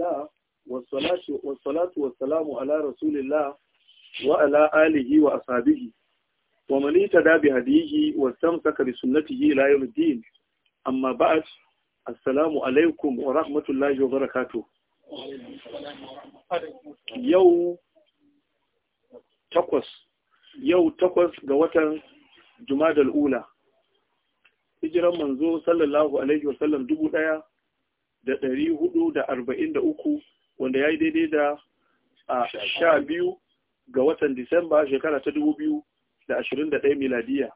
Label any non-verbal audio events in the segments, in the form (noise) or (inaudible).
الله والصلاة والصلاة والسلام على رسول الله وعلى آله وأصحابه ومن اهتدى بهديه واستمسك بسنته إلى يوم الدين أما بعد السلام عليكم ورحمة الله وبركاته يو تقوس يو تقوس ga watan jumadal ula hijiran manzo sallallahu alaihi wasallam dubu da ɗari hudu da arba'in da uku wanda ya yi daidai da a sha biyu ga watan Disamba shekara ta dubu biyu da ashirin da ɗaya miladiya.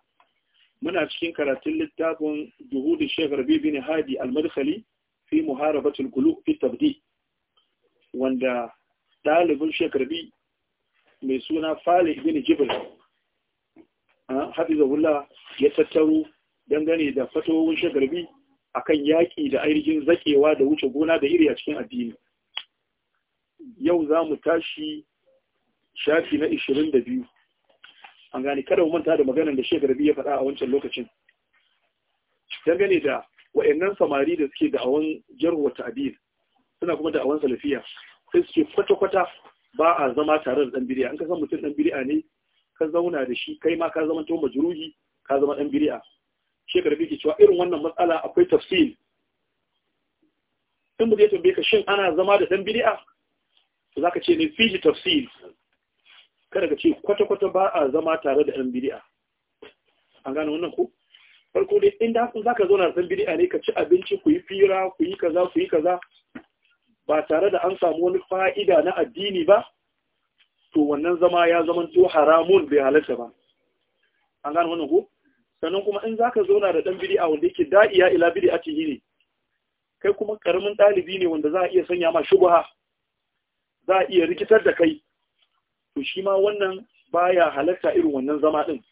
Muna cikin karatun littafin Juhudin Shekar Bibin Hadi almarkali fi Muharabatul Gulu fi Tabdi wanda ɗalibin Shekar Bi mai suna Fali bin Jibril Hafizahullah ya tattaro dangane da fatowin Shekar Bi akan yaki da ainihin zakewa da wuce gona da iri a cikin addini yau za mu tashi shafi na 22 an gani kada mu manta da maganar da shekaru biyu ya faɗa a wancan lokacin dangane da wa'annan samari da suke jar jarwa abin suna kuma awon salafiya sai suke kwata-kwata ba a zama tare da ɗan biriya. in ka san mutum ɗan biriya ne ka zauna da shi kai ma ka zama to majruhi ka zama ɗan biriya. shekar ke cewa irin wannan matsala akwai tafsir in mu zai tambaye ka shin ana zama da dan bid'a to zaka ce ne fiji tafsir kada ka ce kwata-kwata ba a zama tare da dan bid'a an gane wannan ko farko dai inda kun zaka zauna da dan bid'a ne ka ci abinci ku yi fira ku yi kaza ku yi kaza ba tare da an samu wani fa'ida na addini ba to wannan zama ya zama to haramun bai halatta ba an gane wannan ko sannan kuma in za zaka zauna da ɗan dan a wanda yake da'iya ila bid'atihi ne kai kuma ƙaramin ɗalibi ne wanda za a iya sanya ma shubha za a iya rikitar da kai to shi ma wannan baya halatta irin wannan zama din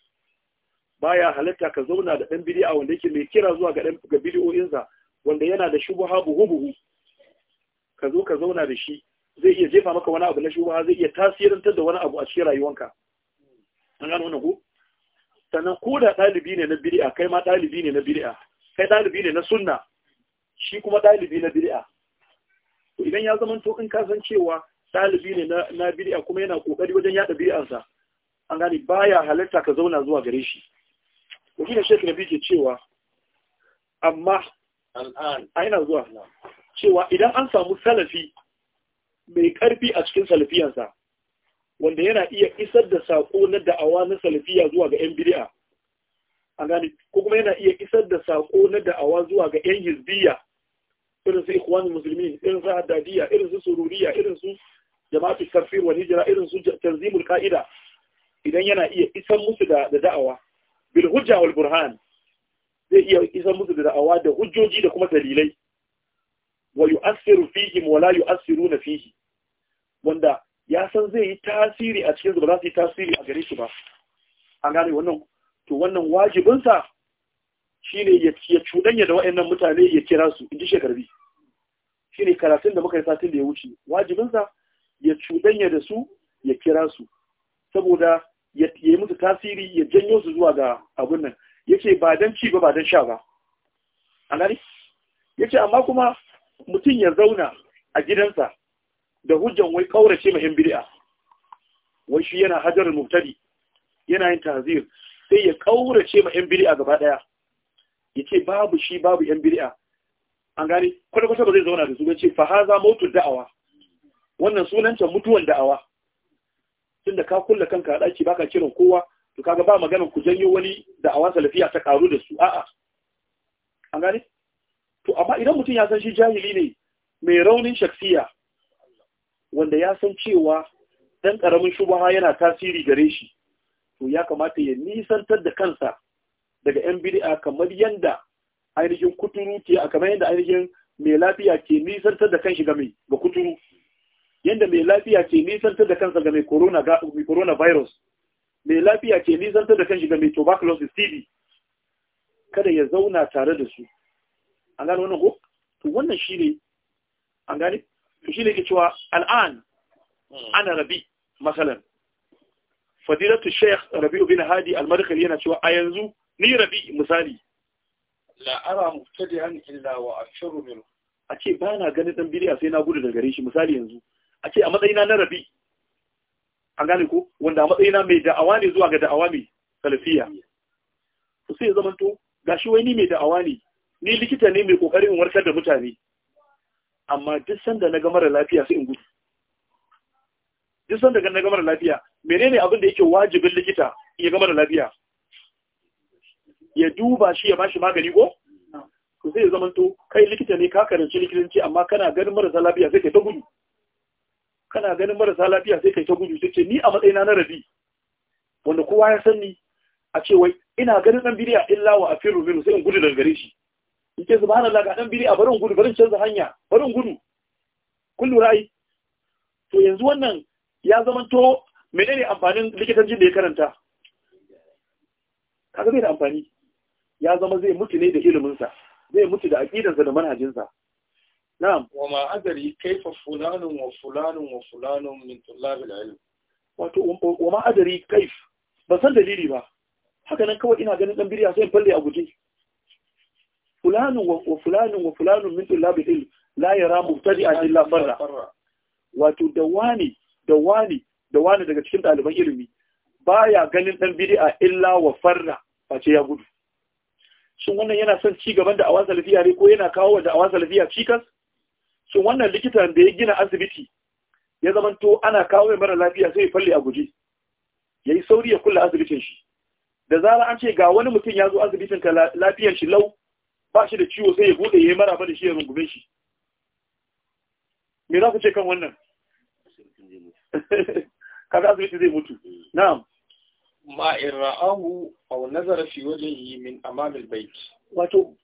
baya halatta ka zauna da ɗan dan a wanda yake mai kira zuwa ga dan wanda yana da shubha buhu-buhu ka zo ka zauna da shi zai iya jefa maka wani abu na shubha zai iya tasirantar da wani abu a cikin rayuwanka an gano wannan ku sannan ko da ɗalibi ne na bid'a kai ma ɗalibi ne na bid'a kai ɗalibi ne na sunna shi kuma ɗalibi na bid'a idan ya zama to in ka san cewa ɗalibi ne na na kuma yana kokari wajen yada bid'arsa an gane baya halarta ka zauna zuwa gare shi to shi ne shekhi ke cewa amma a yana zuwa cewa idan an samu salafi mai ƙarfi a cikin salafiyarsa. wanda yana iya isar da sako na da'awa na salafiya zuwa ga yan bid'a an gane ko kuma yana iya isar da sako na da'awa zuwa ga yan hizbiya irin su ikhwan Musulmi, irin su haddadiya irin su sururiya irin su jama'atu Karfi wal hijra irin su tanzimul qa'ida idan yana iya isar musu da da'awa bil hujja wal burhan zai iya isar musu da da'awa da hujjoji da kuma dalilai wa yu'assiru fihim wa la yu'assiruna fihi wanda ya san zai yi tasiri a cikin ba za su yi tasiri a gare shi ba A gane wannan to wannan wajibinsa shi ne ya cuɗanya da wa'annan mutane ya kira su in ji shi shine karatun da muka yi satin da ya wuce wajibinsa ya cuɗanya da su ya kira su saboda ya yi musu tasiri ya janyo su zuwa ga abin nan ya ce ba don ci ba ba don sha ba gani gane ce amma kuma mutum ya zauna a gidansa da hujjan wai kaurace mahim bid'a wai shi yana hajar mubtadi yana yin tahzir sai ya kaurace mahim bid'a gaba daya yace babu shi babu yan bid'a an gane kwata kwata ba zai zauna da su ba ce fa haza mautu da'awa wannan sunanta mutuwan da'awa tunda ka kulla kanka a daki baka kiran kowa to kaga ba maganar ku janyo wani da'awa salafiya ta karu da su a'a an gane to amma idan mutum ya san shi jahili ne mai raunin shaksiya wanda ya san cewa dan karamin shubaha yana tasiri gare shi to ya kamata ya nisantar da kansa daga yan bid'a kamar yanda ainihin kuturu ke kamar yanda ainihin mai lafiya ke nisantar da kanshi game ga kuturu yanda mai lafiya ke nisantar da kansa game corona ga mai virus mai lafiya ke nisantar da kanshi game tuberculosis tv kada ya zauna tare da su an gane wannan ko to wannan shine an gane shi ne ke cewa al'an hmm. ana rabi masalan fadilatu sheikh rabi'u bin hadi al yana cewa a yanzu ni rabi misali la ara mubtadi'an illa wa asharu minhu a ce ba na ganin dan biliya sai na gudu daga gare shi misali yanzu a ce a matsayina na rabi an gane ko wanda a matsayina mai da'awa ne zuwa ga da'awa mai salafiya to sai ya zamanto gashi wai ni mai da'awa ne ni likita ne mai kokarin warkar da mutane amma duk sanda na ga mara lafiya sai in gudu duk sanda na ga mara lafiya menene abin da yake wajibin likita ya ga mara lafiya ya duba shi ya bashi magani ko to zai zama to kai likita ne ka karanci likitanci amma kana ganin marasa lafiya sai kai ta gudu kana ganin marasa lafiya sai kai ta gudu sai ce ni a matsayina na rabi wanda kowa ya sani a ce wai ina ganin dan bidiya illa wa afiru minu sai in gudu daga gare shi yake subhanallah ga dan biri a barin gudu barin canza hanya barin gudu kun lura to yanzu wannan ya zama to menene amfanin jin da ya karanta kaga bai da amfani ya zama zai mutu ne da iliminsa zai mutu da aqidarsa da manhajinsa na'am wa ma adari kaifa fulanun wa fulanun wa fulanun min tullabil ilm wato wa ma adari kaif ba san dalili ba haka nan kawai ina ganin dan biriya sai in falle a guje فلان وفلان وفلان من طلاب العلم لا يرى مبتدئا الا فرا wato دواني دواني daga cikin ɗaliban ilimi baya ganin dan bid'a illa wa farra face ya gudu shin wannan yana son ci gaban da awasa lafiya ne ko yana kawo da awasa lafiya cikas shin wannan likitan da ya gina asibiti ya zamanto ana kawo mai mara lafiya sai ya falle a guje yayi sauri ya kulle asibitin shi da zara an ce ga wani mutum ya zo asibitin ka lafiyar shi lau ba shi da ciwo sai ya bude ya yi ba da shi ya rungume shi me za ku ce kan wannan (laughs) kaga asibiti zai mutu na'am ma in ra'ahu aw nazara fi wajhihi min amam al-bayt wato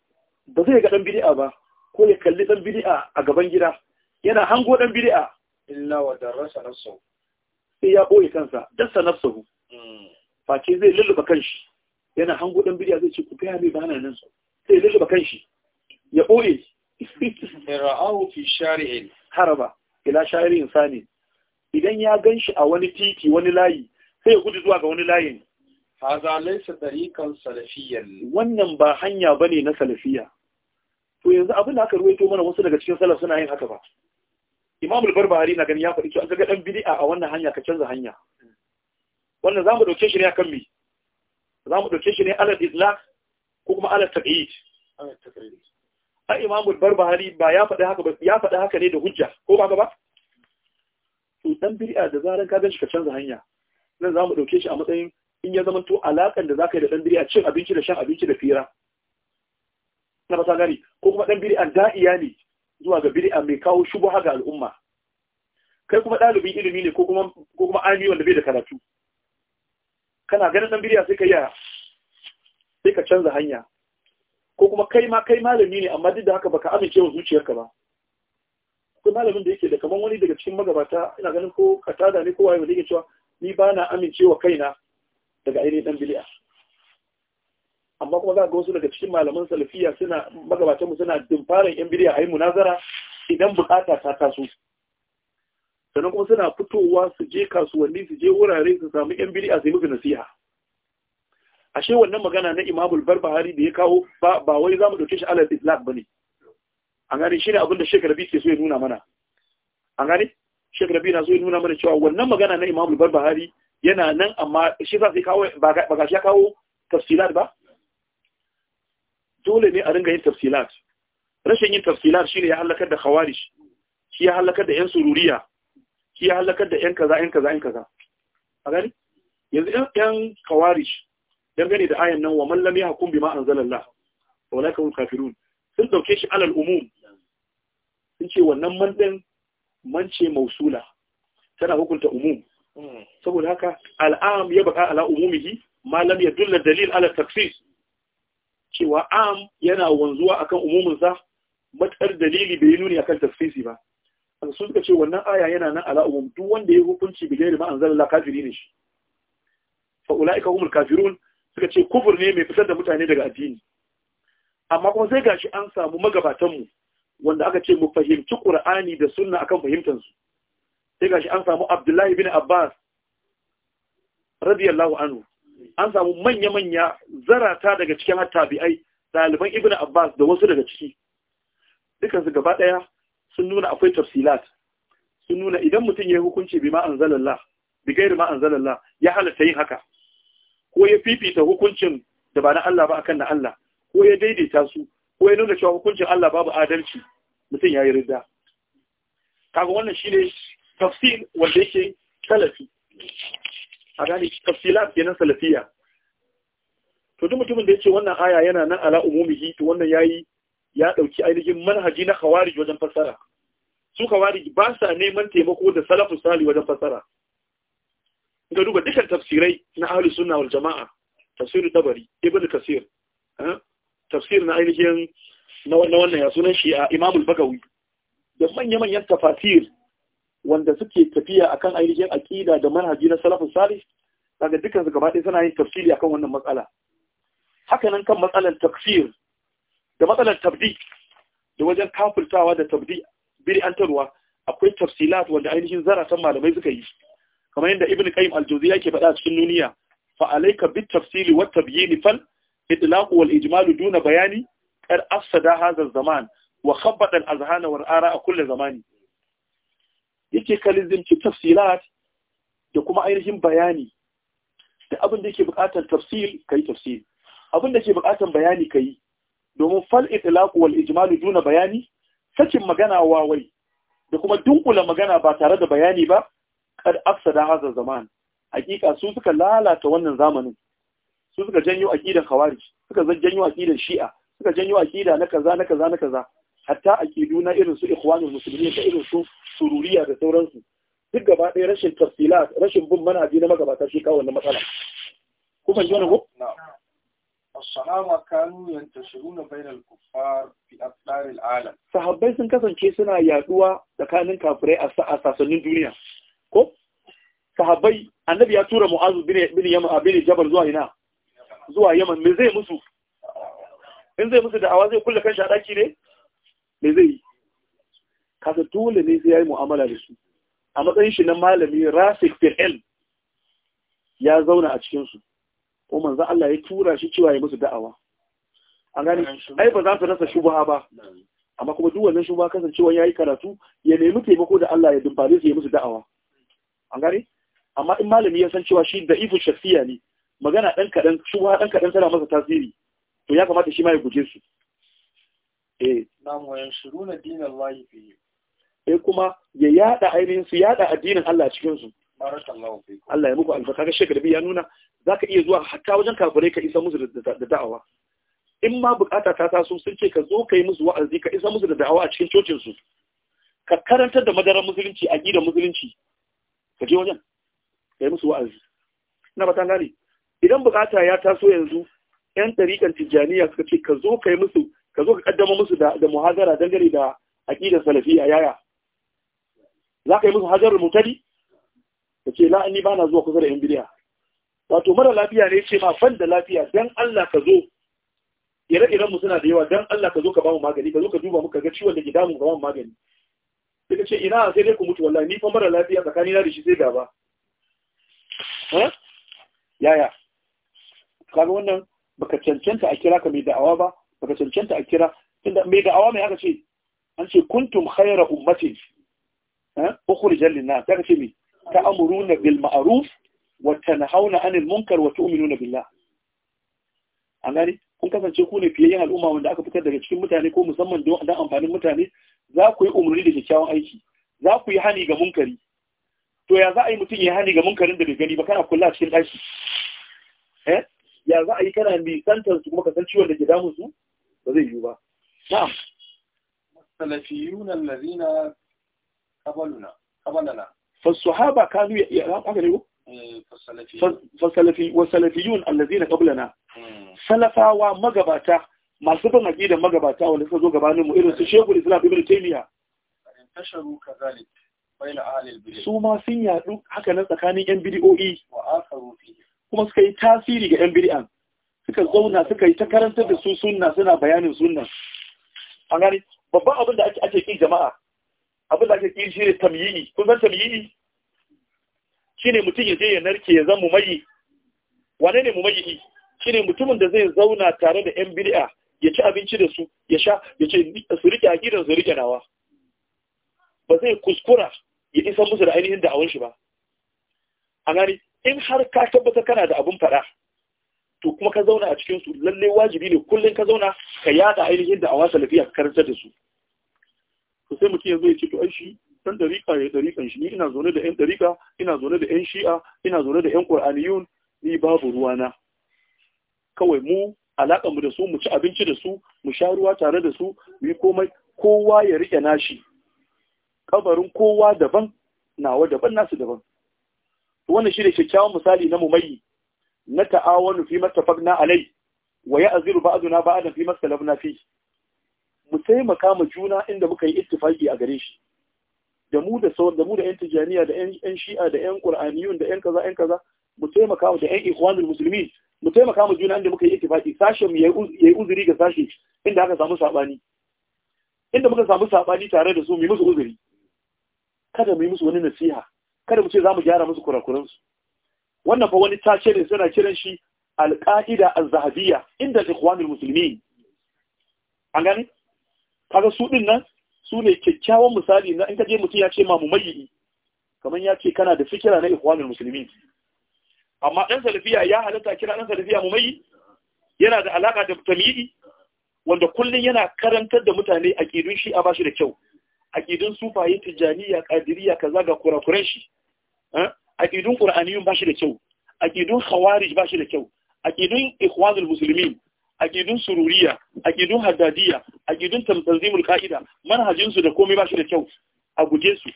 ba zai ga dan bid'a ba ko ya kalli dan bid'a a gaban gida yana hango dan bid'a illa wa darasa nafsu sai ya boye kansa dasa nafsuhu hmm. face zai lulluba kanshi yana hango dan bid'a zai ce ku ga ba bana nan sai kan shi. ya ɓoye ra'ahu fi shari'in haraba ila shari'in sani idan ya ganshi a wani titi wani layi sai ya gudu zuwa ga wani layin haza laisa tariqan salafiyyan wannan ba hanya ba ne na salafiya to yanzu abin da aka ruwaito mana wasu daga cikin salaf suna yin haka ba imam al na gani ya faɗi cewa kaga ɗan bidi'a a wannan hanya ka canza hanya wannan za mu ɗauke shi ne a kan mi Za mu ɗauke shi ne alal itlaq ko kuma ala taqyid a imamu barbahari ba ya faɗi haka ba ya faɗi haka ne da hujja ko ba ba to dan bid'a da zaran ka ganshi ka canza hanya nan zamu dauke shi a matsayin in ya zama to alakan da zaka yi da dan bid'a cin abinci da shan abinci da fira na ba ta gani ko kuma dan bid'a da'iya ne zuwa ga bid'a mai kawo shubha ga al'umma kai kuma dalibin ilimi ne ko kuma ko kuma ami wanda bai da karatu kana ganin dan bid'a sai ka yi sai ka canza hanya ko kuma kai ma kai malami ne amma duk da haka baka amince wa zuciyarka ba akwai malamin da yake da kaman wani daga cikin magabata ina ganin ko katada ne ko waye wanda yake cewa ni ba na amincewa kaina daga ainihin dan bili'a amma kuma za ga wasu daga cikin malaman salafiya suna magabatanmu suna dimfarin yan bili'a a yi munazara idan bukata ta taso sannan kuma suna fitowa su je kasuwanni su je wurare su samu yan bili'a su yi musu nasiha ashe wannan magana na imamul barbahari da ya kawo ba wai za mu ɗauke shi alal islam ba ne an gani shine abin abinda shekar rabi ke so ya nuna mana an gani shekar rabi na so ya nuna mana cewa wannan magana na imamul barbahari yana nan amma shi za su kawo ba ga shi ya kawo tafsilat ba dole ne a ringa yin tafsilat rashin yin tafsilat shine ya halakar da khawarij shi ya halakar da yan sururiya shi ya halakar da yan kaza yan kaza yan kaza a gani yanzu yan khawarij dangane da ayan nan wa man lam yahkum bima anzalallah fa ulaika hum kafirun sun dauke shi alal umum sun ce wannan man din man ce mausula tana hukunta umum hmm. saboda haka al'am ya baka ala umumihi ma lam yadull dalil ala taksis cewa am yana wanzuwa akan umumin sa matar dalili bai nuni akan tafsisi ba an sun ce wannan aya yana nan ala umum duk wanda ya hukunci bi gairi ma anzala kafiri ne shi fa ulaika humul kafirun suka ce kufur ne mai fitar da mutane daga addini amma kuma sai gashi an samu magabatanmu wanda aka ce mu fahimci qur'ani da sunna akan fahimtansu sai gashi an samu abdullahi bin abbas radiyallahu anhu an samu manya-manya zarata daga cikin tabi'ai daliban ibn abbas da wasu daga ciki dukansu gaba ɗaya sun nuna akwai tafsilat sun nuna idan mutum ya yi hukunci bi ma'an zalallah bi gairi ma'an ya halatta yin haka ko ya fifita hukuncin da ba na Allah ba akan na Allah ko ya daidaita su ko ya nuna cewa hukuncin Allah babu adalci mutum ya yi rida kaga wannan shi ne tafsir wanda yake salafi a gane tafsilat kenan salafiya to duk mutumin da yace wannan aya yana nan ala umumihi to wannan yayi ya dauki ainihin manhaji na khawarij wajen fassara, su khawarij ba sa neman taimako da salafu sali wajen fassara. ga duba dukkan tafsirai na ahlus sunna wal jama'a tafsir tabari ibn kasir tafsir na ainihin na wannan ya sunan shi a imam al-bagawi da manya-manyan tafasir wanda suke tafiya akan ainihin aqida da manhaji na salafus salih daga dukkan su gaba ɗaya suna yin tafsiri akan wannan matsala haka nan kan matsalar tafsir da matsalar tabdi da wajen kafirtawa da tabdi biri akwai tafsilat wanda ainihin zaratan malamai suka yi kamar yadda ibn qayyim al-jawziya yake faɗa cikin nuniya fa alayka bit tafsili wat tabyin fal itlaq wal ijmal duna bayani qad afsada hadha az-zaman wa khabbata al-azhan wa al-ara'a kull zamani yake kalizim ki tafsilat da kuma ainihin bayani da abin da yake buƙatar tafsil kai tafsil abin da ke buƙatar bayani kai domin fal itlaq wal ijmal duna bayani sakin magana wawai da kuma dunkula magana ba tare da bayani ba kad afsada hadha zaman hakika su suka lalata wannan zamanin su suka janyo aqidan khawarij suka janyo aqidan shi'a suka janyo aqida na kaza na kaza na kaza hatta aqidu na irin su ikhwanul muslimin da irin su sururiya da sauransu duk gaba ɗaya rashin tafsilat rashin bin manhaji na magabata shi kawo wannan matsala ku fahimci wannan ko as-salama kanu yantashiruna bainal kuffar fi aqdaril alam sahabbai sun kasance suna yaduwa tsakanin kafirai a sassanin duniya ko sahabbai annabi ya tura mu'azu bin yaman bin jabal zuwa ina zuwa yaman me zai musu in zai musu da'awa zai kulle kanshi a daki ne me zai yi kasa dole ne sai yayi mu'amala da su a matsayin shi na malami rasik fil ilm ya zauna a cikin su ko manzo Allah ya tura shi cewa ya musu da'awa an gani ai ba za su rasa shubha ba amma kuma duk wannan shubha kasancewa yayi karatu ya nemi taimako da Allah ya dumfare su ya musu da'awa an gare amma in malami ya san cewa shi da ifin shafiya ne magana ɗan kaɗan wa ɗan kaɗan tana masa tasiri to ya kamata shi ma ya guje su eh nam wa yanshuruna dinallahi fi eh kuma ya yada ainihin su yada addinin Allah cikin su barakallahu Allah ya muku albarka ga shekara bi ya nuna zaka iya zuwa hatta wajen kafirai ka isa musu da da'awa in ma bukata ta taso sun ce ka zo ka yi musu wa'azi ka isa musu da da'awa a cikin cocin su ka karantar da madarar musulunci a gidan musulunci ka je wajen ka yi musu wa'azi ina ba gane idan bukata ya taso yanzu yan tarikan tijjaniya suka ce ka zo ka yi musu ka zo ka kaddama musu da muhazara dangane da aqidar a yaya za ka yi musu hajarul mutadi ka ce la ni bana zuwa kusa da yan bidiya wato mara lafiya ne ce ma fan da lafiya dan Allah ka zo ire-iren mu suna da yawa dan Allah ka zo ka ba mu magani ka zo ka duba mu ka ga ciwon da ke damu ka ba mu magani suka ce ina sai dai ku mutu wallahi ni fa mara lafiya tsakani na da shi sai gaba ha yaya kaga wannan baka cancanta a kira ka mai da'awa ba baka cancanta a kira tunda mai da'awa mai aka ce an ce kuntum khayra ummatin ha ukhrijal linnas aka ce me ta'muruna bil ma'ruf wa tanhauna 'anil munkar wa tu'minuna billah an gani kun kasance ku ne fiye yin al'umma wanda aka fitar daga cikin mutane ko musamman don amfanin mutane za ku yi umarni da kyakkyawan aiki za ku yi hani ga munkari to ya za a yi mutum ya hani ga munkarin da bai gani ba kana kula cikin ɗaki eh ya za a yi kana nisantar su kuma ka san ciwon da ke damun su ba zai yiwu ba na'am salafiyuna allazina qabaluna qabalana fa sahaba kanu ya haka ne ko eh, fa salafi salafiyun allazina qablana hmm. salafawa magabata masu bin da magabata wanda suka zo gabanin mu irin su Shehu Islam Ibn Taymiyyah tasharu su ma sun yadu haka nan tsakanin yan bid'o'i kuma suka yi tasiri ga yan bid'an suka zauna suka yi ta karantar da su sunna suna bayanin sunna an gani babban abin da ake ƙin jama'a abin da ake ƙin shi ne tamyi'i kun san shi ne mutum ya je ya narke ya zama wane ne shi ne mutumin da zai zauna tare da yan bid'a ya ci abinci da su ya sha ya ce su rike aƙidar su rike nawa ba zai kuskura ya isa musu da ainihin da'awun shi ba a gani in har ka tabbata kana da abin faɗa to kuma ka zauna a cikin su lalle wajibi ne kullum ka zauna ka yada ainihin da'awa salafiya ka karanta da su to sai mutum yanzu ya ce to ai shi dan dariƙa ya dariƙan shi ni ina zaune da yan dariƙa ina zaune da yan shi'a ina zaune da yan ƙur'aniyun ni babu ruwana kawai mu alaƙa mu da su mu ci abinci da su mu sha ruwa tare da su mu yi komai kowa ya rike nashi kabarin kowa daban nawa daban nasu daban wannan shi ne kyakkyawan misali na mumayi na ta'awanu fi mattafaqna alai wa ya'ziru ba'duna ba'dan fi masalabna fi mu taimaka ma juna inda muka yi ittifaqi a gare shi da mu da sauran da mu da yan tijaniya da yan shi'a da yan qur'aniyun da yan kaza yan kaza mu taimaka da yan ikhwanul muslimin mu taimaka mu juna inda muka yi ittifaki sashe mu yayi uzuri ga sashe inda aka samu sabani inda muka samu sabani tare da su mu yi musu uzuri kada mu yi musu wani nasiha kada mu ce za mu gyara musu kurakuran su wannan fa wani tace ne suna kiran shi alqaida az-zahabiyya inda ikhwanul muslimin an gani kaga su din nan su ne kyakkyawan misali na in ka je mutum ya ce ma mu mumayyi kamar ya ce kana da fikira na ikhwanul muslimin amma ɗan salafiya ya halatta kira ɗan salafiya mu mai yana da alaƙa da tamiri wanda kullum yana karantar da mutane a kidun shi a bashi da kyau a aƙidun sufaye tijaniya ƙadiriya kaza ga kurakuran shi A eh? aƙidun ƙur'aniyun bashi da kyau A aƙidun khawarij bashi da kyau A aƙidun ikhwanul muslimin kidun sururiya aƙidun haddadiya aƙidun tanzimul qa'ida manhajinsu da komai bashi da kyau a guje su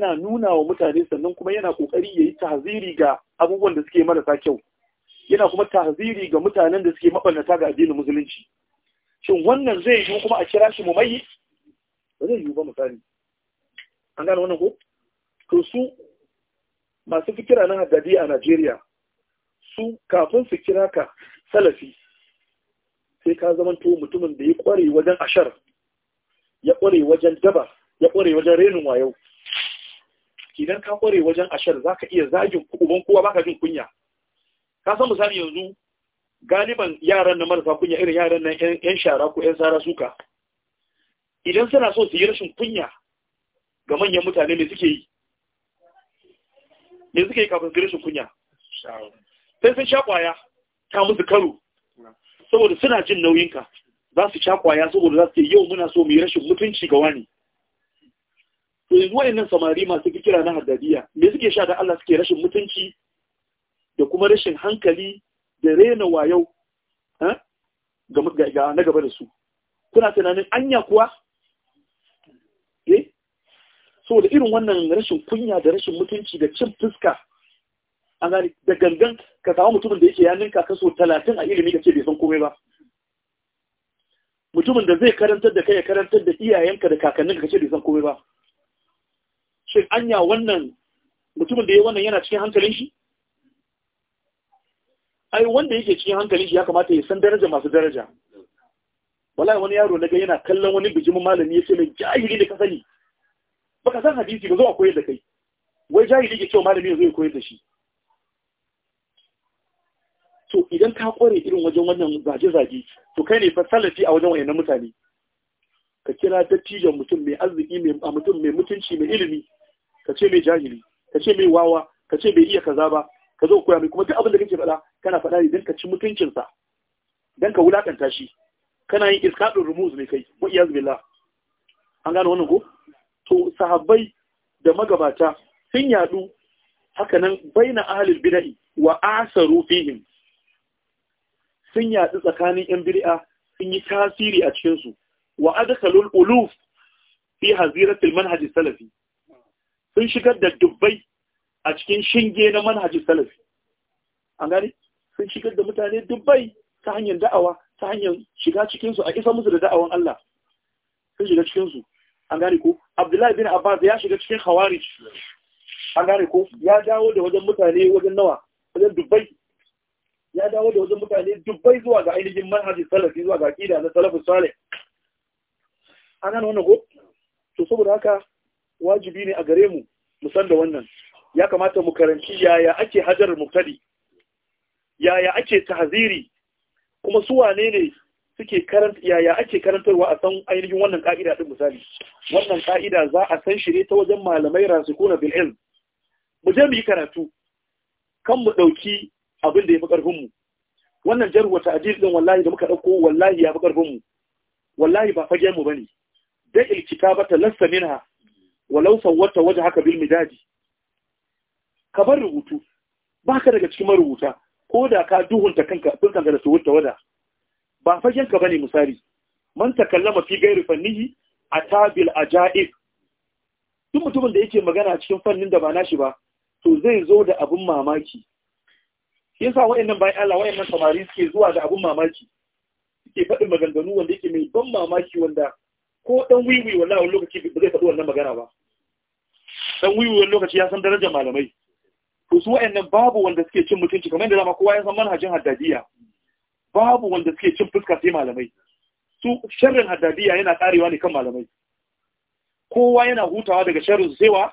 yana nuna wa mutane sannan kuma yana kokari yi tahziri ga abubuwan da suke marasa kyau yana kuma tahziri ga mutanen da suke mabannata ga addinin musulunci shin wannan zai yi kuma a kira shi mumayyi ba zai yi ba misali an gane wannan ko to su masu fikira na haddadi a Najeriya su kafin su kira ka salafi sai ka zamanto mutumin da ya kware wajen ashar ya kware wajen daba ya kware wajen renin wayo idan ka kware wajen ashar ka iya zagin uban kowa baka jin kunya ka san misali yanzu galiban yaran na marasa kunya irin yaran na yan shara ko yan sara suka idan suna so su yi rashin kunya ga manyan mutane me suke yi me suke yi kafin su rashin kunya sai sun sha kwaya ta musu karo saboda suna jin nauyinka za su sha kwaya saboda za su yi yau muna so mu yi rashin mutunci ga wani to yanzu wayannan samari masu kira na hadadiya me suke sha da Allah suke rashin mutunci da kuma rashin hankali da rena wayau ga na gaba da su kuna tunanin anya kuwa eh saboda irin wannan rashin kunya da rashin mutunci da cin fuska an gani da gangan ka samu mutumin da yake ya ninka kaso talatin a ilimi ka ce bai san komai ba mutumin da zai karantar da kai ya karantar da iyayenka da kakanninka ka ce bai san komai ba shin anya wannan mutumin da ya wannan yana cikin hankalin shi ai wanda yake cikin hankalin shi ya kamata ya san daraja masu daraja wallahi wani yaro naga yana kallon wani bijimin malami yace mai jahili da ka sani baka san hadisi ba zo a koyar da kai wai jahili ke cewa malami zai koyar da shi to idan ka kware irin wajen wannan zage-zage to kai ne fa a wajen wayannan mutane ka kira dattijan mutum mai arziki mai mutum mai mutunci mai ilimi ka ce mai jahili ka ce mai wawa ka ce bai iya kaza ba ka zo koya mai kuma duk abin da kake faɗa kana faɗa ne don ka ci mutuncinsa don ka wulakanta shi kana yin iskaɗin rumuz ne kai wa iyaz billah an gano wannan ko to sahabbai da magabata sun yadu haka nan baina ahlul bida'i wa asaru fihim sun yadu tsakanin yan bid'a sun yi tasiri a cikin su wa adkhalul uluf fi haziratil manhaj salafi sun shigar da dubbai a cikin shinge na manhajin salafi an gani sun shigar da mutane dubbai ta hanyar da'awa ta hanyar shiga cikinsu a isa musu da da'awan Allah sun shiga cikinsu an gane ko abdullahi bin abbas ya shiga cikin khawarij an gane ko ya dawo da wajen mutane wajen nawa wajen dubbai ya dawo da wajen mutane dubbai zuwa ga ainihin manhajin salafi zuwa ga kida na salafus salih an gane wannan ko to saboda haka wajibi ne a gare mu mu san da wannan ya kamata mu karanci yaya ake hajar muktadi yaya ake tahziri kuma su wane ne suke karanta yaya ake karantarwa a san ainihin wannan ka'ida din misali wannan ka'ida za a san shi ne ta wajen malamai rasikuna bil ilm mu je mu yi karatu kan mu dauki abin da yafi karfin mu wannan jar wa ta'dil din wallahi da muka dauko wallahi yafi karfin mu wallahi ba fagen mu bane da ilkitabata lassa minha walau sawwata waje haka bil midaji ka bar rubutu baka daga cikin marubuta ko da ka duhunta kanka fuskanka da suwunta wada ba fagen ka bane misali man takallama fi gairi fannihi atabil ajaib duk mutumin da yake magana cikin fannin da ba nashi ba to zai zo da abun mamaki yasa wayannan bayan Allah wayannan samari suke zuwa da abun mamaki suke faɗin maganganu wanda yake mai ban mamaki wanda ko ɗan wiwi wallahi wani lokaci ba zai faɗi wannan magana ba dan wiwuwar lokaci ya san darajar malamai to su babu wanda suke cin mutunci kamar yadda zama kowa ya san manhajin haddadiya babu wanda suke cin fuska sai malamai su sharrin haddadiya yana karewa ne kan malamai kowa yana hutawa daga sharrin su wa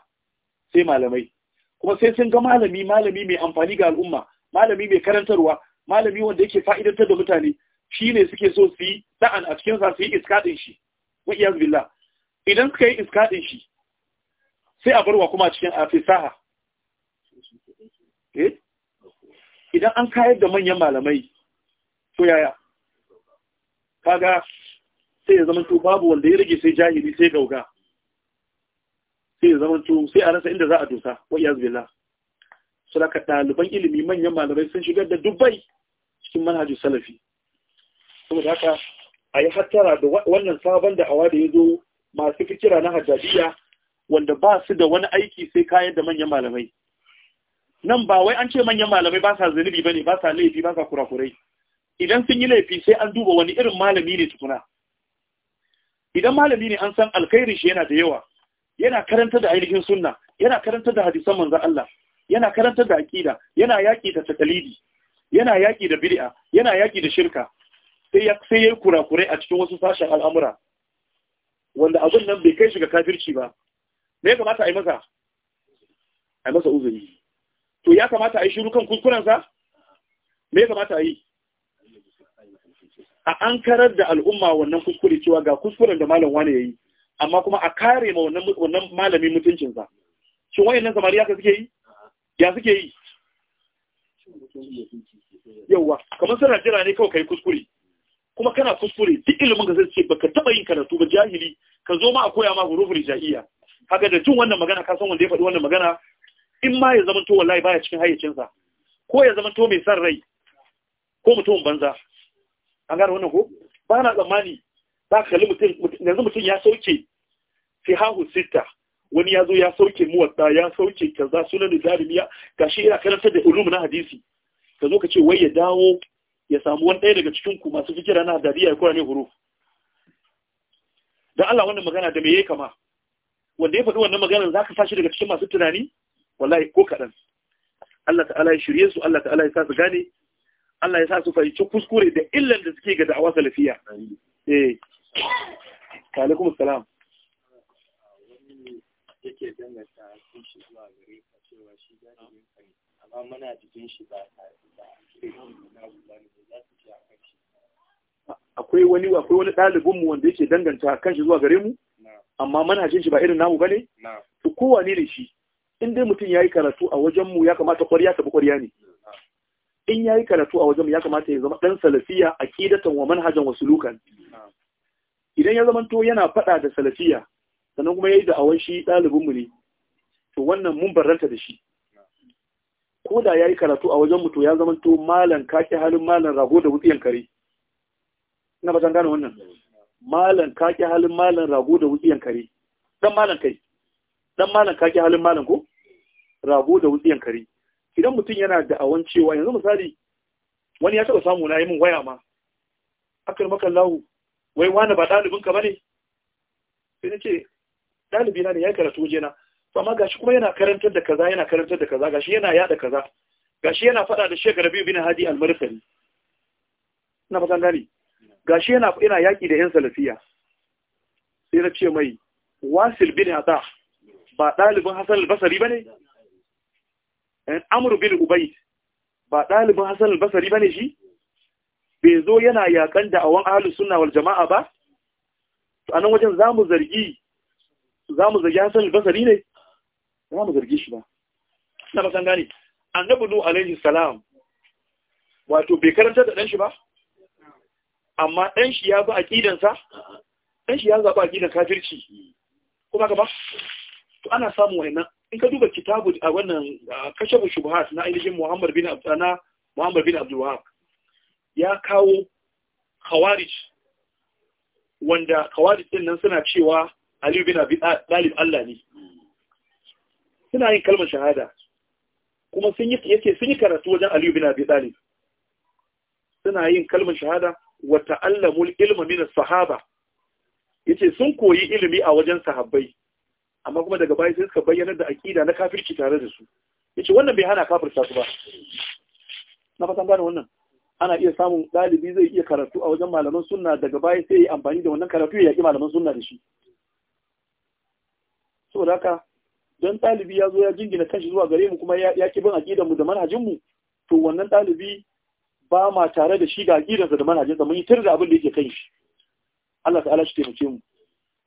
sai malamai kuma sai sun ga malami malami mai amfani ga al'umma malami mai karantarwa malami wanda yake fa'idantar da mutane shi ne suke so su yi da'an a cikin sa su yi iskaɗin shi wa iyaz billah idan suka yi iskaɗin shi sai a barwa kuma cikin afisaha eh idan an kayar da manyan malamai to yaya kaga sai ya zamanto babu wanda ya rage sai jahili sai gauga sai ya zamanto sai a rasa inda za a dosa wa iyaz billah sadaka ɗaliban ilimi manyan malamai sun shigar da dubbai cikin manhajin salafi saboda haka a yi hattara da wannan sabon da awa da ya zo masu fikira na hajjajiya wanda ba su da wani aiki sai kayan da manyan malamai nan ba wai an ce manyan malamai ba sa zunubi ne, ba sa laifi ba sa kurakurai idan sun yi laifi sai an duba wani irin malami ne tukuna idan malami ne an san alkhairin shi yana da yawa yana karanta da ainihin sunna yana karanta da hadisan manzon Allah yana karanta da aqida yana yaki da takalidi yana yaki da bid'a yana yaki da shirka sai ya sai yayi kurakurai a cikin wasu sashen al'amura wanda abin nan bai kai shi ga kafirci ba me ya kamata a yi masa a yi masa uzuri to ya kamata a yi shiru kan kuskurensa me ya kamata a yi a an karar da al'umma wannan kuskure cewa ga kuskuren da malam wani ya yi amma kuma a kare ma wannan malamin mutuncinsa shin nan samari haka suke yi ya suke yi yauwa kamar suna jira ne kawai kai kuskure kuma kana kuskure duk ilimin ka zai ce baka taba yin karatu ba jahili ka zo ma a koya ma hurufin jahiliya kaga da jin wannan magana ka san wanda ya faɗi wannan magana in ma ya zamanto wallahi baya cikin hayyacinsa ko ya zamanto mai san rai ko mutum banza an gane wannan ko ba na tsammani za ka kalli mutum yanzu mutum ya sauke Fi hahu sitta wani ya zo ya sauke muwatta ya sauke kaza sunan da jarimiya gashi yana karantar da ulumu na hadisi ka zo ka ce wai ya dawo ya samu wani ɗaya daga cikin ku masu fikira na hadariya ya kura ne huruf da Allah wannan magana da me yayi kama wanda ya faɗi wannan maganar za ka sashi daga cikin masu tunani wallahi ko kaɗan Allah ta'ala ya shirye su Allah ta'ala ya sa su gane Allah ya sa su fahimci kuskure da illan da suke ga da'awa salafiya eh alaikum salam yake shi zuwa gare ka cewa shi jami'in amma muna jikin shi ba tare da akwai wani akwai wani ɗalibinmu wanda yake danganta kan shi zuwa gare mu amma manhajin shi ba irin namu bane to kowa ne da shi in dai mutum yayi karatu a wajen mu ya kamata ƙwarya ta bi ƙwarya ne in yayi karatu a wajen mu ya kamata ya zama dan salafiya aqidatan wa manhajan wa sulukan idan ya zama to yana fada da salafiya sannan kuma yayi da awan shi dalibin mu ne to wannan mun barranta da shi ko da yayi karatu a wajen mu to ya zama to malan kake halin malan rago da wutsiyan kare ina ba gane wannan malam kake halin malam rago da wutsiyan kare dan malam kai dan malam kake halin malam ko rago da wutsiyan kare idan mutum yana da awan cewa yanzu misali wani ya taba samu na yi min waya ma akal makallahu wai wani ba dalibin ka bane sai nace dalibi na ne ya karatu waje na to amma gashi kuma yana karantar da kaza yana karantar da kaza gashi yana yada kaza gashi yana fada da shekara biyu bin hadi al-marfali na fatan gani gashi yana yana yaki da yan salafiya sai na ce mai wasil bin ata ba dalibin hasan al-basri bane an amru bin ubayd ba dalibin hasan al-basri bane shi bai zo yana yakan da awan ahli sunna wal jama'a ba to anan wajen zamu zargi zamu zargi hasan al-basri ne zamu zargi shi ba na ba san gane annabi nu alaihi salam wato bai karanta da dan shi ba amma ɗan shi ya bi aƙidansa ɗan shi ya zaɓi aƙidan kafirci kuma gaba to ana samun nan. in ka duba kitabu a wannan kashe shubuhat na ainihin Muhammad bin Abdana Muhammad bin Abdul Wahab ya kawo khawarij wanda khawarij din nan suna cewa Ali bin Abi dalib Allah ne suna yin kalmar shahada kuma sun yi yake sun yi karatu wajen Ali bin Abi dalib suna yin kalmar shahada wa ta'allamul ilma min sahaba yace sun koyi ilimi a wajen sahabbai amma kuma daga baya sai suka bayyana da akida na kafirci tare da su yace wannan bai hana kafirta su ba na fatan gane wannan ana iya samun dalibi zai iya karatu a wajen malaman sunna daga baya sai ya amfani da wannan karatu ya yaƙi malaman sunna da shi saboda haka dan dalibi ya zo ya jingina kanshi zuwa gare mu kuma ya ki bin akidar mu da manhajin mu to wannan dalibi. ba ma tare da shi ga aqidarsa da manhajinsa mun yi tir da abin da yake kan shi Allah ta ta'ala shi taimake mu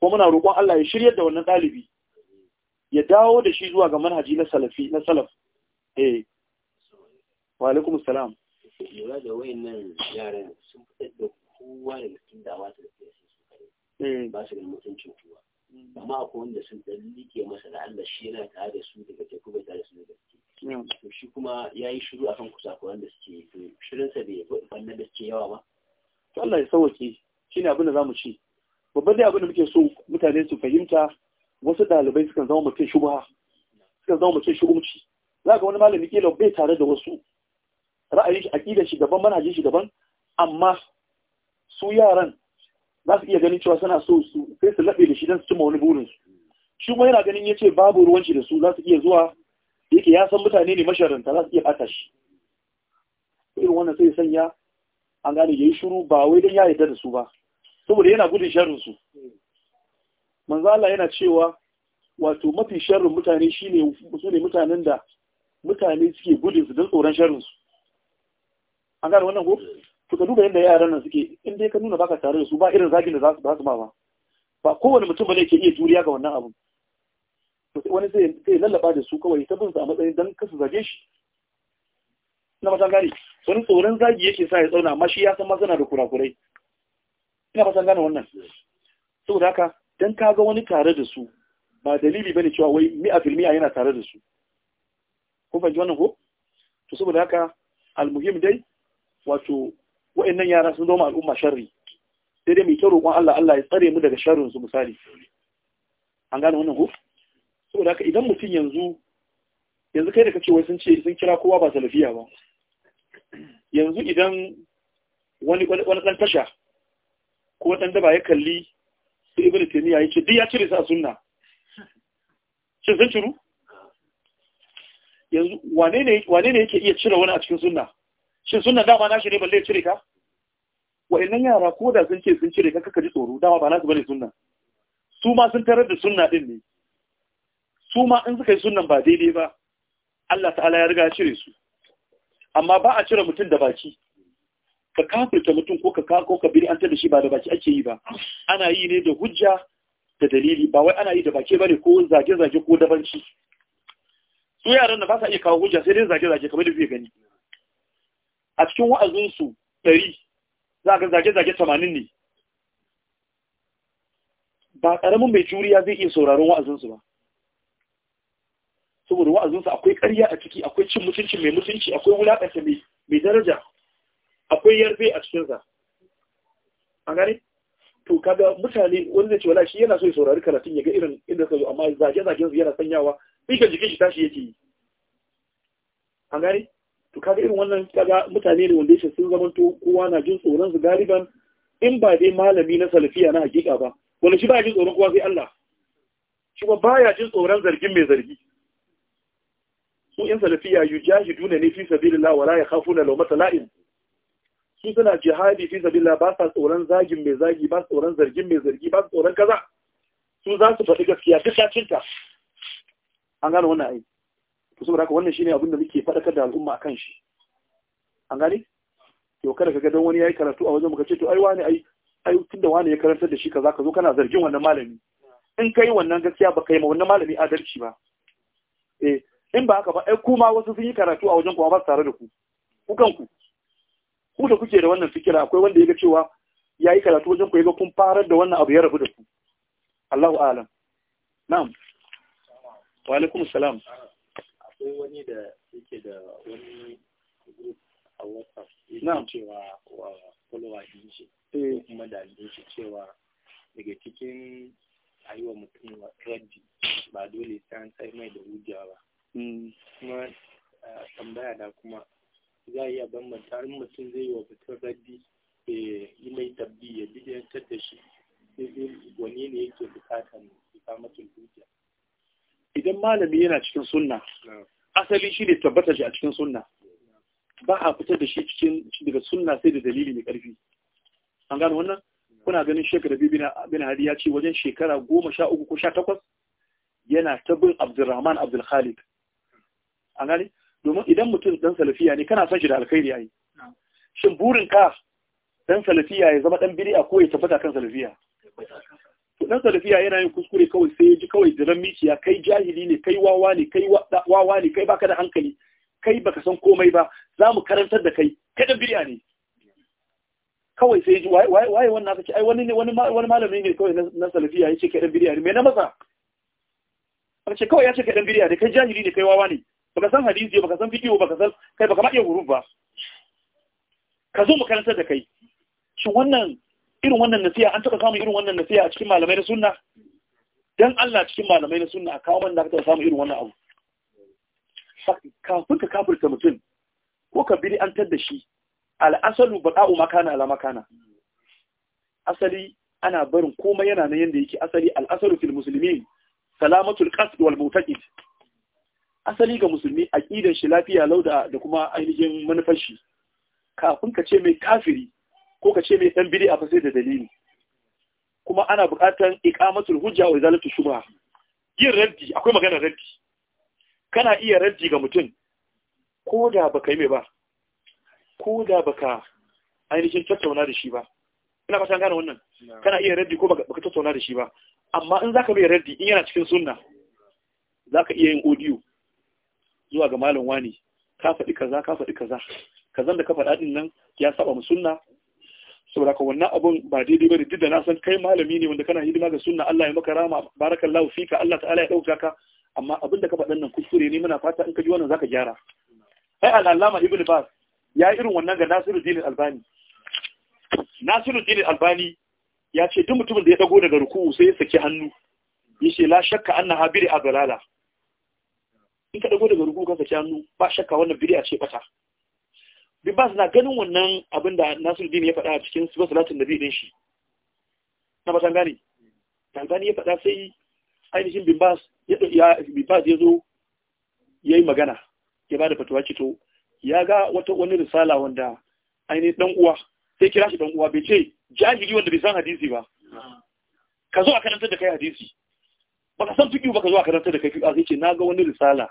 ko muna roƙon Allah ya shiryar da wannan ɗalibi ya dawo da shi zuwa ga manhaji na salafi na salaf eh wa alaikum salam lura da wayannan yaran sun fitar da kowa da cikin dawa ta da su eh. ba su da mutuncin kowa amma akwai wanda sun ɗan like masa da Allah shi yana tare da su daga teku bai tare da su daga gaske to shi kuma ya yi shiru akan kusakuran da suke to shirinsa bai ban da suke yawa ba to Allah ya sauke shi ne abin da za mu ci babban dai abin da muke so mutane su fahimta wasu ɗalibai sukan zama mutum shubuha sukan zama mutum shugumci za ga wani malami kila bai tare da wasu ra'ayin shi aƙidar shi gaban manhajin shi gaban amma su yaran za su iya ganin cewa suna so su sai su laɓe da shi don su cimma wani burinsu shi kuma yana ganin ya ce babu ruwanci da su za su iya zuwa yake ya san mutane ne masharanta za su iya ɓata shi irin wannan sai sanya an gane ya yi shuru ba wai don ya yarda da su ba saboda yana gudun sharrinsu manzo Allah yana cewa wato mafi sharrin mutane shine su ne mutanen da mutane suke gudun su don tsoron sharrinsu an gane wannan ko to ka duba yadda yaran nan suke in dai ka nuna baka tare da su ba irin zagin da za su ba su ma ba ba kowane mutum bane ke iya juriya ga wannan abun to wani sai sai lallaba da su kawai ta bin su a matsayin dan su zage shi na matan gari wani tsoron zagi yake sa ya tsauna amma shi ya san masana da kurakurai ina fatan gane wannan saboda haka dan ga wani tare da su ba dalili bane cewa wai mi'a filmi a yana tare da su kun fahimci wannan ko to saboda haka almuhim dai wato wa'annan yara sun zama al'umma sharri sai dai mai ta roƙon Allah Allah ya tsare mu daga sharrin su misali an gane wannan ko saboda haka idan mutum yanzu yanzu kai da kace wai sun ce sun kira kowa ba salafiya ba yanzu idan wani wani dan tasha ko dan daba ya kalli su ibn taymiya yake duk ya cire su sunna shin sun ciru yanzu wane ne wane ne yake iya cire wani a cikin sunna shin sunan dama na shi ne balle cire ka wa'annan yara ko da sun ce sun cire ka kaka ji tsoro dama ba nasu bane sunna su ma sun tarar da sunna din ne su ma in suka yi sunnan ba daidai ba Allah ta'ala ya riga ya cire su amma ba a cire mutum da baki ka kafirta mutum ko ka kako ka biri an da shi ba da baki ake yi ba ana yi ne da hujja da dalili ba wai ana yi da baki bane ko zage-zage ko dabanci su yaran da ba sa iya kawo hujja sai dai zage-zage kamar da zai gani a cikin wa'azinsu ɗari za ga zage-zage tamanin ne ba ƙaramin mai juriya zai iya sauraron wa'azinsu ba saboda wa'azinsu akwai ƙarya a ciki akwai cin mutunci mai mutunci akwai wulaƙanta mai daraja akwai yarbe a cikinsa a gane to kaga mutane wani zai ce wala shi yana so ya saurari karatun ya ga irin inda ka zo amma zage-zagen su yana sanyawa tsikan jikin shi tashi yake yi a gane to kaga irin wannan kaga mutane ne wanda yake sun zamanto kowa na jin tsoron su galiban in ba dai malami na salafiya na hakika ba wani shi ba jin tsoron kowa sai Allah shi ba baya jin tsoron zargin mai zargi su in salafiya yujahiduna ne fi sabilillah wala yakhafuna lawmata la'in su suna jihadi fi sabilillah ba sa tsoron zagin mai zagi ba tsoron zargin mai zargi ba tsoron kaza su za su faɗi gaskiya duk ta an gane wannan aiki to saboda haka wannan shine abin da muke faɗakar da al'umma akan shi an gane to kada ka ga dan wani yayi karatu a wajen muka ce to ai wani ai ai tunda wani ya karantar da shi kaza ka zo kana zargin wannan malami in kai wannan gaskiya ba kai ma wannan malami adalci ba eh in ba haka ba ai kuma wasu sun yi karatu a wajen kuma ba tare da ku ku kanku ku da kuke da wannan fikira akwai wanda ya ga cewa ya yi karatu wajen ku ya ga kun farar da wannan abu ya rabu da ku Allahu alam na'am wa alaikum salam akwai wani da yake da wani group a whatsapp yake cewa wa follower din shi eh. kuma da shi cewa daga cikin a mutum wa mutum ba dole sai an sai mai da hujja ba hmm. kuma tambaya da kuma za a iya bambanta in mutum zai yi wa mutum raddi eh, yi mai tabbi ya bidiyantar da shi wani ne yake bukatar ya samu hujja idan malami yana cikin sunna asali shi ne tabbata shi a cikin sunna ba a fitar da shi cikin daga sunna sai da dalili mai ƙarfi an gano wannan kuna ganin da biyu bin hadi ya ce wajen shekara goma sha uku ko sha takwas yana ta bin abdulrahman abdulkhalid an gane domin idan mutum dan salafiya ne kana son shi da alkhairi ai shin burin ka dan salafiya ya zama dan bid'a ko ya tabbata kan salafiya to salafiya yana yin kuskure kawai sai ya ji kawai jiran miciya kai jahili ne kai wawa ne kai wawa ne kai baka da hankali kai baka san komai ba za mu karantar da kai kai dan ne kawai sai ya ji waye wannan kace ai wani ne wani malami ne kawai na salafiya yace kai dan bid'a ne me na masa kace ce kawai ya ce kai dan bid'a ne kai jahili ne kai wawa ne baka san hadisi baka san fiqh baka san kai baka ma iya huruf ba ka zo mu karantar da kai shin wannan irin wannan nasiya. an taɓa samun irin wannan nasiya a cikin malamai na sunna dan Allah cikin malamai na sunna a kawo wanda aka taɓa samun irin wannan abu kafin ka kafirta mutum ko ka biri an tar da shi al'asalu bada'u makana ala makana asali ana barin komai yana nan yanda yake asali al'asalu fil muslimin salamatul qasd wal mutaqid asali ga musulmi aqidan shi lafiya lauda da kuma ainihin manufar shi kafin ka ce mai kafiri ko ka ce mai ɗan bidi a fasai da dalili kuma ana buƙatar ikamatul hujja wa zalatu shubha yin raddi akwai magana raddi kana iya raddi ga mutum ko da baka yi mai ba ko da baka ainihin tattauna da shi ba ina fatan gane wannan kana iya raddi ko baka tattauna da shi ba amma in zaka mai raddi in yana cikin sunna zaka iya yin audio zuwa ga malam wani ka faɗi kaza ka faɗi kaza kazan da ka faɗa din nan ya saba mu sunna saboda ka wannan abun ba daidai bane duk da na san kai malami ne wanda kana hidima ga sunna Allah ya maka rama barakallahu fika Allah ta'ala ya dauka ka amma abin da ka faɗan nan kuskure ne muna fata in ka ji wannan zaka gyara ai al-allama ibnu bas ya irin wannan ga Nasiruddin Albani Nasiruddin Albani ya ce duk mutumin da ya dago daga ruku'u sai ya saki hannu ya ce la shakka anna habiri abdalala in ka dago daga ruku'u ka saki hannu ba shakka wannan bid'a ce bata ba su na ganin wannan abin da nasiruddin ya faɗa a cikin sifar da zai ɗin shi na ba tangani tangani ya faɗa sai ainihin bin bas ya bin bas ya zo ya yi magana ya ba da fatuwa ce to ya ga wata wani risala wanda ainihin ɗan uwa sai kira shi ɗan uwa bai ce jahili wanda bai san hadisi ba ka zo a karantar da kai hadisi Ba ka san ba ka zo a karantar da kai fiqh zai ce na ga wani risala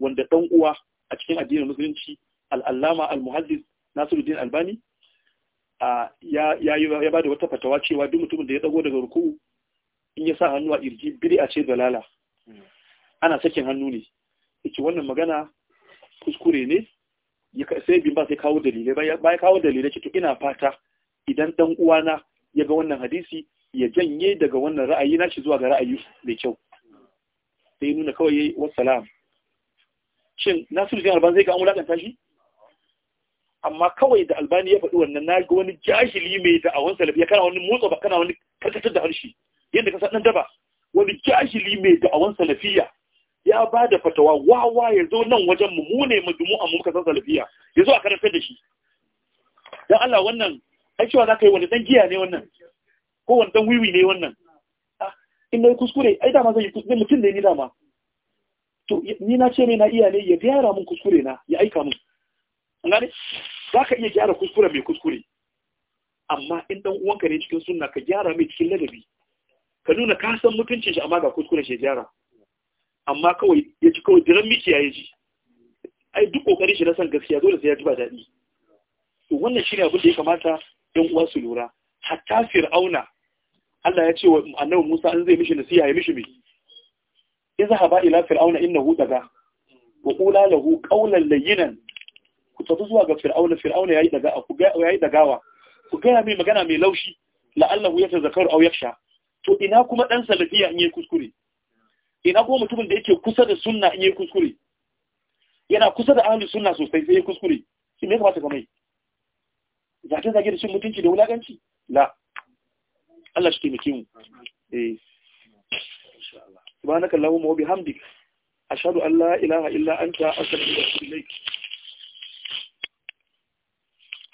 wanda ɗan uwa a cikin addinin musulunci al'allama al-muhaddis nasiruddin albani ya ya ba da wata fatawa cewa duk mutumin da ya dago daga ruku in ya sa hannu a irji a ce dalala ana sakin hannu ne yake wannan magana kuskure ne sai bin ba sai kawo dalilai ba ya kawo dalilai ke to ina fata idan dan uwana ya ga wannan hadisi ya janye daga wannan ra'ayi na shi zuwa ga ra'ayi mai kyau sai nuna kawai wassalam shin nasiru jin alban zai ga an shi amma kawai da albani ya faɗi wannan na ga wani jahili mai da'awun salafiya kana wani motsa ba kana wani karkatar da harshe yadda ka san daba wani jahili mai da'awun salafiya ya ba da fatawa wawa ya zo nan wajen mu mu ne majumu a mu san salafiya ya zo a karantar da shi dan Allah wannan ai cewa zaka yi wani dan giya ne wannan ko wani dan wiwi ne wannan in dai kuskure ai dama zai kuskure mutum ne ni ma to ni na ce mai na iya ne ya gyara mun kuskure na ya aika mun za ka iya gyara kuskure mai kuskure amma in dan uwanka ne cikin sunna ka gyara mai cikin ladabi ka nuna ka san mutuncin shi amma ga kuskure shi gyara amma kawai ya ci kawai diran mikiya ya ji ai duk kokarin shi na san gaskiya dole sai ya ji ba daɗi to wannan shine abin da ya kamata yan uwa su lura hatta fir'auna Allah ya ce wa annabi Musa an zai mishi nasiha ya mishi Iza haba ila fir'auna innahu daga wa qula lahu qawlan layyinan ku tafi zuwa ga fir'auna fir'auna yayi daga ku ga yayi dagawa ku ga mai magana mai laushi ya yatazakkaru aw yaksha to ina kuma dan salafiya in yi kuskure ina kuma mutumin da yake kusa da sunna in yi kuskure yana kusa da ahli sunna sosai sai ya kuskure shi ne kamata kamai zake zage da cin mutunci da wulaganci la Allah shi taimake mu eh subhanakallahumma wa bihamdika أن لا إله إلا أنت anta astaghfiruka wa atubu ilaik